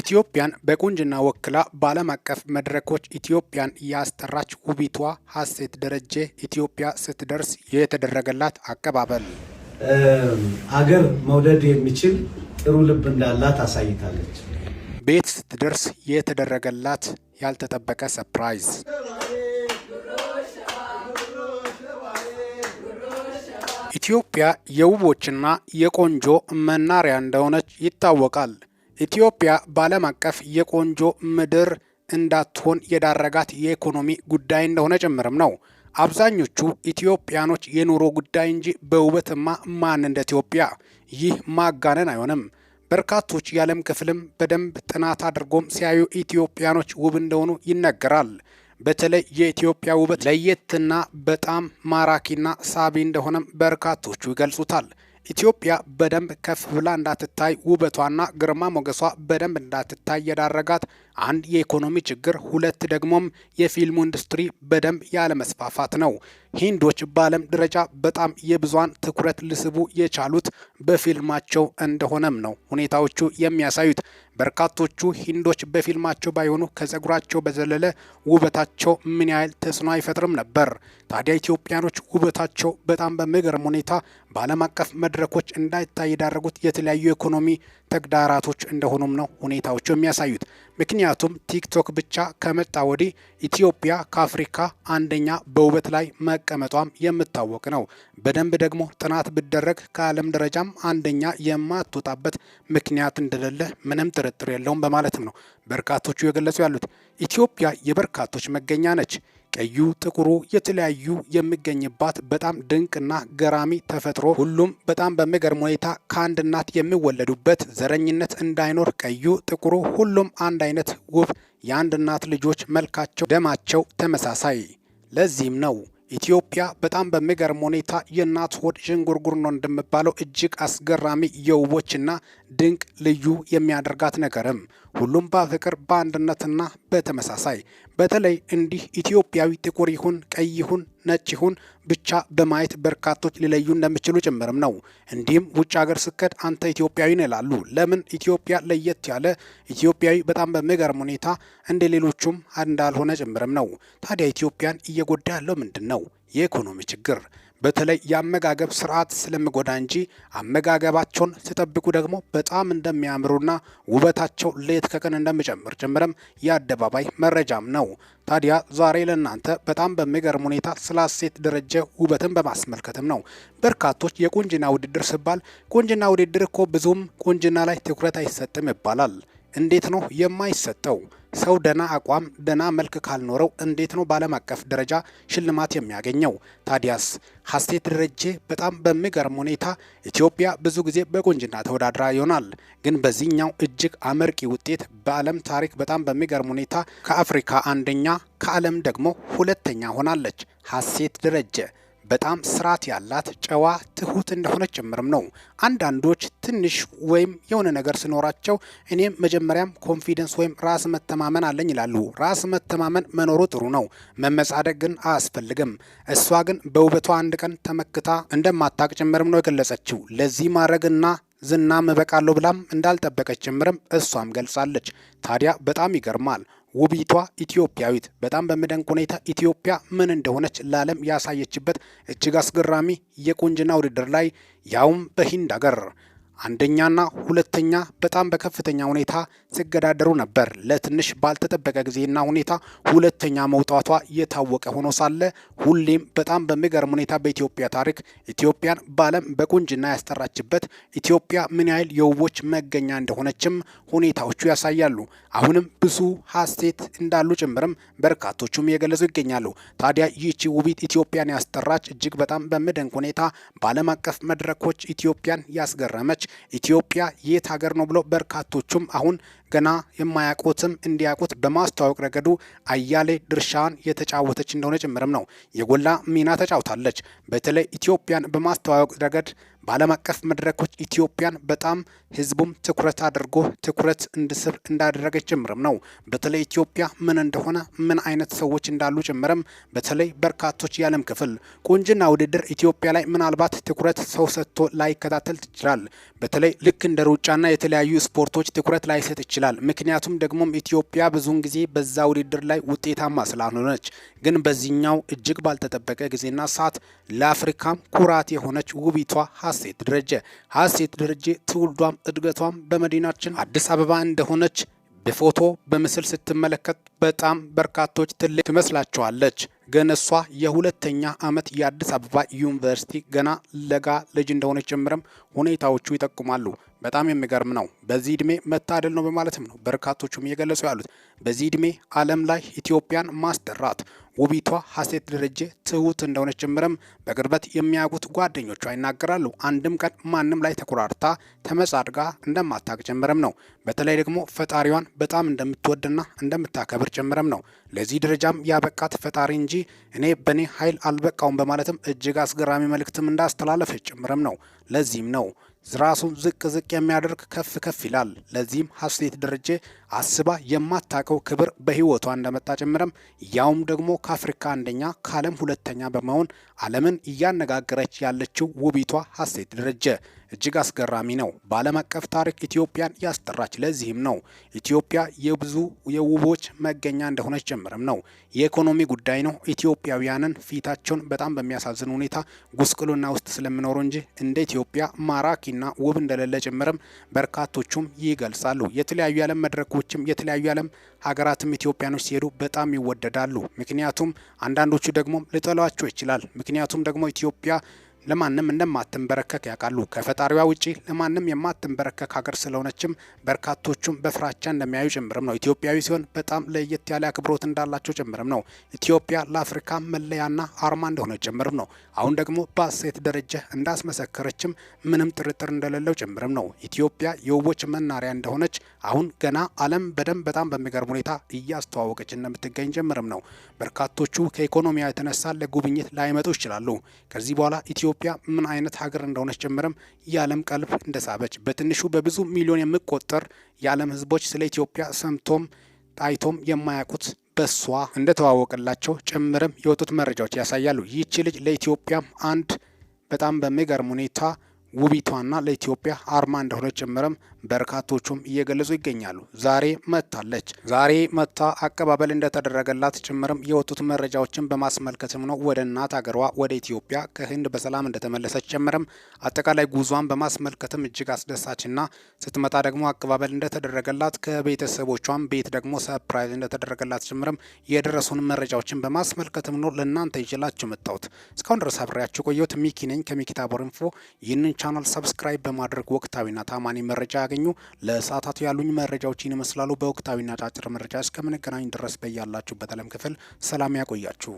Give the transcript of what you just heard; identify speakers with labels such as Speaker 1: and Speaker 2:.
Speaker 1: ኢትዮጵያን በቁንጅና ወክላ በዓለም አቀፍ መድረኮች ኢትዮጵያን ያስጠራች ውቢቷ ሀሴት ደረጀ ኢትዮጵያ ስትደርስ የተደረገላት አቀባበል
Speaker 2: አገር መውደድ የሚችል ጥሩ ልብ እንዳላት አሳይታለች።
Speaker 1: ቤት ስትደርስ የተደረገላት ያልተጠበቀ ሰፕራይዝ ኢትዮጵያ የውቦችና የቆንጆ መናሪያ እንደሆነች ይታወቃል። ኢትዮጵያ በዓለም አቀፍ የቆንጆ ምድር እንዳትሆን የዳረጋት የኢኮኖሚ ጉዳይ እንደሆነ ጭምርም ነው። አብዛኞቹ ኢትዮጵያኖች የኑሮ ጉዳይ እንጂ በውበትማ ማን እንደ ኢትዮጵያ? ይህ ማጋነን አይሆንም። በርካቶች የዓለም ክፍልም በደንብ ጥናት አድርጎም ሲያዩ ኢትዮጵያኖች ውብ እንደሆኑ ይነገራል። በተለይ የኢትዮጵያ ውበት ለየትና በጣም ማራኪና ሳቢ እንደሆነም በርካቶቹ ይገልጹታል። ኢትዮጵያ በደንብ ከፍ ብላ እንዳትታይ ውበቷና ግርማ ሞገሷ በደንብ እንዳትታይ የዳረጋት አንድ የኢኮኖሚ ችግር፣ ሁለት ደግሞም የፊልሙ ኢንዱስትሪ በደንብ ያለመስፋፋት ነው። ሂንዶች በዓለም ደረጃ በጣም የብዙሃን ትኩረት ሊስቡ የቻሉት በፊልማቸው እንደሆነም ነው ሁኔታዎቹ የሚያሳዩት። በርካቶቹ ሂንዶች በፊልማቸው ባይሆኑ ከጸጉራቸው በዘለለ ውበታቸው ምን ያህል ተጽዕኖ አይፈጥርም ነበር? ታዲያ ኢትዮጵያኖች ውበታቸው በጣም በሚገርም ሁኔታ በዓለም አቀፍ መድረኮች እንዳይታይ የዳረጉት የተለያዩ ኢኮኖሚ ተግዳራቶች እንደሆኑም ነው ሁኔታዎቹ የሚያሳዩት። ምክንያቱም ቲክቶክ ብቻ ከመጣ ወዲህ ኢትዮጵያ ከአፍሪካ አንደኛ በውበት ላይ መቀመጧም የምታወቅ ነው። በደንብ ደግሞ ጥናት ብደረግ ከዓለም ደረጃም አንደኛ የማትወጣበት ምክንያት እንደሌለ ምንም ጥርጥር የለውም በማለትም ነው በርካቶቹ የገለጹ ያሉት። ኢትዮጵያ የበርካቶች መገኛ ነች። ቀዩ፣ ጥቁሩ፣ የተለያዩ የሚገኝባት በጣም ድንቅና ገራሚ ተፈጥሮ ሁሉም በጣም በሚገርም ሁኔታ ከአንድ እናት የሚወለዱበት ዘረኝነት እንዳይኖር ቀዩ፣ ጥቁሩ፣ ሁሉም አንድ አይነት ውብ የአንድ እናት ልጆች መልካቸው፣ ደማቸው ተመሳሳይ። ለዚህም ነው ኢትዮጵያ በጣም በሚገርም ሁኔታ የእናት ሆድ ዥንጉርጉር ነው እንደሚባለው እጅግ አስገራሚ የውቦችና ድንቅ ልዩ የሚያደርጋት ነገርም ሁሉም በፍቅር በአንድነትና በተመሳሳይ በተለይ እንዲህ ኢትዮጵያዊ ጥቁር ይሁን ቀይ ይሁን ነጭ ይሁን ብቻ በማየት በርካቶች ሊለዩ እንደሚችሉ ጭምርም ነው። እንዲህም ውጭ ሀገር ስከድ አንተ ኢትዮጵያዊ ነው ይላሉ። ለምን ኢትዮጵያ ለየት ያለ ኢትዮጵያዊ በጣም በሚገርም ሁኔታ እንደ ሌሎቹም እንዳልሆነ ጭምርም ነው። ታዲያ ኢትዮጵያን እየጎዳ ያለው ምንድን ነው? የኢኮኖሚ ችግር በተለይ የአመጋገብ ስርዓት ስለምጎዳ እንጂ አመጋገባቸውን ሲጠብቁ ደግሞ በጣም እንደሚያምሩና ውበታቸው ሌት ከቀን እንደሚጨምር ጭምርም የአደባባይ መረጃም ነው። ታዲያ ዛሬ ለእናንተ በጣም በሚገርም ሁኔታ ስለ ሀሴት ደረጀ ውበትን በማስመልከትም ነው። በርካቶች የቁንጅና ውድድር ሲባል ቁንጅና ውድድር እኮ ብዙም ቁንጅና ላይ ትኩረት አይሰጥም ይባላል። እንዴት ነው የማይሰጠው? ሰው ደና አቋም ደና መልክ ካልኖረው እንዴት ነው በዓለም አቀፍ ደረጃ ሽልማት የሚያገኘው? ታዲያስ ሀሴት ደረጄ በጣም በሚገርም ሁኔታ ኢትዮጵያ ብዙ ጊዜ በቁንጅና ተወዳድራ ይሆናል፣ ግን በዚህኛው እጅግ አመርቂ ውጤት በዓለም ታሪክ በጣም በሚገርም ሁኔታ ከአፍሪካ አንደኛ ከዓለም ደግሞ ሁለተኛ ሆናለች ሀሴት ድረጀ። በጣም ስርዓት ያላት ጨዋ ትሁት እንደሆነች ጭምርም ነው። አንዳንዶች ትንሽ ወይም የሆነ ነገር ሲኖራቸው እኔም መጀመሪያም ኮንፊደንስ ወይም ራስ መተማመን አለኝ ይላሉ። ራስ መተማመን መኖሩ ጥሩ ነው፣ መመጻደቅ ግን አያስፈልግም። እሷ ግን በውበቷ አንድ ቀን ተመክታ እንደማታቅ ጭምርም ነው የገለጸችው። ለዚህ ማድረግና ዝናም እበቃለሁ ብላም እንዳልጠበቀች ጭምርም እሷም ገልጻለች። ታዲያ በጣም ይገርማል። ውቢቷ ኢትዮጵያዊት በጣም በሚደንቅ ሁኔታ ኢትዮጵያ ምን እንደሆነች ለዓለም ያሳየችበት እጅግ አስገራሚ የቁንጅና ውድድር ላይ ያውም በሂንድ አገር አንደኛና ሁለተኛ በጣም በከፍተኛ ሁኔታ ሲገዳደሩ ነበር። ለትንሽ ባልተጠበቀ ጊዜና ሁኔታ ሁለተኛ መውጣቷ የታወቀ ሆኖ ሳለ ሁሌም በጣም በሚገርም ሁኔታ በኢትዮጵያ ታሪክ ኢትዮጵያን በዓለም በቁንጅና ያስጠራችበት ኢትዮጵያ ምን ያህል የውቦች መገኛ እንደሆነችም ሁኔታዎቹ ያሳያሉ። አሁንም ብዙ ሀሴት እንዳሉ ጭምርም በርካቶቹም እየገለጹ ይገኛሉ። ታዲያ ይቺ ውቢት ኢትዮጵያን ያስጠራች እጅግ በጣም በሚደንቅ ሁኔታ በዓለም አቀፍ መድረኮች ኢትዮጵያን ያስገረመች ኢትዮጵያ የት ሀገር ነው ብሎ በርካቶቹም አሁን ገና የማያውቁትም እንዲያውቁት በማስተዋወቅ ረገዱ አያሌ ድርሻን የተጫወተች እንደሆነ ጭምርም ነው። የጎላ ሚና ተጫውታለች። በተለይ ኢትዮጵያን በማስተዋወቅ ረገድ በዓለም አቀፍ መድረኮች ኢትዮጵያን በጣም ህዝቡም ትኩረት አድርጎ ትኩረት እንድስብ እንዳደረገች ጭምርም ነው። በተለይ ኢትዮጵያ ምን እንደሆነ ምን አይነት ሰዎች እንዳሉ ጭምርም በተለይ በርካቶች የዓለም ክፍል ቁንጅና ውድድር ኢትዮጵያ ላይ ምናልባት ትኩረት ሰው ሰጥቶ ላይከታተል ይችላል። በተለይ ልክ እንደ ሩጫና የተለያዩ ስፖርቶች ትኩረት ላይሰጥ ይችላል። ይችላል። ምክንያቱም ደግሞም ኢትዮጵያ ብዙውን ጊዜ በዛ ውድድር ላይ ውጤታማ ስላልሆነች፣ ግን በዚህኛው እጅግ ባልተጠበቀ ጊዜና ሰዓት ለአፍሪካም ኩራት የሆነች ውቢቷ ሀሴት ደረጀ ሀሴት ደረጀ ትውልዷም እድገቷም በመዲናችን አዲስ አበባ እንደሆነች በፎቶ በምስል ስትመለከት በጣም በርካቶች ትልቅ ትመስላቸዋለች፣ ግን እሷ የሁለተኛ ዓመት የአዲስ አበባ ዩኒቨርሲቲ ገና ለጋ ልጅ እንደሆነች ጭምርም ሁኔታዎቹ ይጠቁማሉ። በጣም የሚገርም ነው። በዚህ እድሜ መታደል ነው በማለትም ነው በርካቶቹም እየገለጹ ያሉት። በዚህ እድሜ ዓለም ላይ ኢትዮጵያን ማስጠራት ውቢቷ ሀሴት ደረጀ ትሁት እንደሆነች ጭምርም በቅርበት የሚያውቁት ጓደኞቿ ይናገራሉ። አንድም ቀን ማንም ላይ ተኮራርታ ተመጻድጋ እንደማታቅ ጭምርም ነው። በተለይ ደግሞ ፈጣሪዋን በጣም እንደምትወድና እንደምታከብር ስለጨመረም ነው። ለዚህ ደረጃም ያበቃት ፈጣሪ እንጂ እኔ በእኔ ኃይል አልበቃውም በማለትም እጅግ አስገራሚ መልእክትም እንዳስተላለፈ ጭምርም ነው። ለዚህም ነው ራሱን ዝቅ ዝቅ የሚያደርግ ከፍ ከፍ ይላል። ለዚህም ሀሴት ደረጀ አስባ የማታቀው ክብር በህይወቷ እንደመጣ ጭምርም ያውም ደግሞ ከአፍሪካ አንደኛ ከዓለም ሁለተኛ በመሆን ዓለምን እያነጋገረች ያለችው ውቢቷ ሀሴት ደረጀ እጅግ አስገራሚ ነው። በዓለም አቀፍ ታሪክ ኢትዮጵያን ያስጠራች። ለዚህም ነው ኢትዮጵያ የብዙ የውቦች መገኛ እንደሆነች ጭምርም ነው። የኢኮኖሚ ጉዳይ ነው። ኢትዮጵያውያንን ፊታቸውን በጣም በሚያሳዝን ሁኔታ ጉስቁልና ውስጥ ስለምኖሩ እንጂ እንደ ኢትዮጵያ ማራኪ ማራኪና ውብ እንደሌለ ጭምርም በርካቶቹም ይገልጻሉ። የተለያዩ የዓለም መድረኮችም የተለያዩ የዓለም ሀገራትም ኢትዮጵያኖች ሲሄዱ በጣም ይወደዳሉ። ምክንያቱም አንዳንዶቹ ደግሞ ልጠሏቸው ይችላል። ምክንያቱም ደግሞ ኢትዮጵያ ለማንም እንደማትንበረከክ ያውቃሉ። ከፈጣሪዋ ውጪ ለማንም የማትንበረከክ ሀገር ስለሆነችም በርካቶቹም በፍራቻ እንደሚያዩ ጭምርም ነው። ኢትዮጵያዊ ሲሆን በጣም ለየት ያለ አክብሮት እንዳላቸው ጭምርም ነው። ኢትዮጵያ ለአፍሪካ መለያና አርማ እንደሆነ ጭምርም ነው። አሁን ደግሞ በአሴት ደረጃ እንዳስመሰከረችም ምንም ጥርጥር እንደሌለው ጭምርም ነው። ኢትዮጵያ የውቦች መናሪያ እንደሆነች አሁን ገና ዓለም በደንብ በጣም በሚገርም ሁኔታ እያስተዋወቀች እንደምትገኝ ጀምርም ነው። በርካቶቹ ከኢኮኖሚያ የተነሳ ለጉብኝት ላይመጡ ይችላሉ። ከዚህ በኋላ ኢትዮጵያ ምን አይነት ሀገር እንደሆነች ጀምርም የዓለም ቀልብ እንደሳበች በትንሹ በብዙ ሚሊዮን የሚቆጠር የዓለም ህዝቦች ስለ ኢትዮጵያ ሰምቶም ጣይቶም የማያውቁት በሷ እንደተዋወቀላቸው ጭምርም የወጡት መረጃዎች ያሳያሉ። ይህቺ ልጅ ለኢትዮጵያም አንድ በጣም በሚገርም ሁኔታ ውቢቷና ለኢትዮጵያ አርማ እንደሆነ ጭምርም በርካቶቹም እየገለጹ ይገኛሉ። ዛሬ መታለች። ዛሬ መታ አቀባበል እንደተደረገላት ጭምርም የወጡት መረጃዎችን በማስመልከትም ነው ወደ እናት አገሯ ወደ ኢትዮጵያ ከህንድ በሰላም እንደተመለሰች ጭምርም አጠቃላይ ጉዟን በማስመልከትም እጅግ አስደሳችና ስትመጣ ደግሞ አቀባበል እንደተደረገላት ከቤተሰቦቿም ቤት ደግሞ ሰርፕራይዝ እንደተደረገላት ጭምርም የደረሱን መረጃዎችን በማስመልከትም ነው ለእናንተ ይዤላችሁ መጣሁት። እስካሁን ድረስ አብሬያችሁ ቆየሁት። ሚኪ ነኝ ከሚኪታቦር ኢንፎ ይህንን ቻናል ሰብስክራይብ በማድረግ ወቅታዊና ታማኒ መረጃ ያገኙ። ለሰዓታት ያሉኝ መረጃዎችን ይመስላሉ። በወቅታዊና ጫጭር መረጃ እስከምንገናኝ ድረስ በያላችሁበት ዓለም ክፍል ሰላም ያቆያችሁ።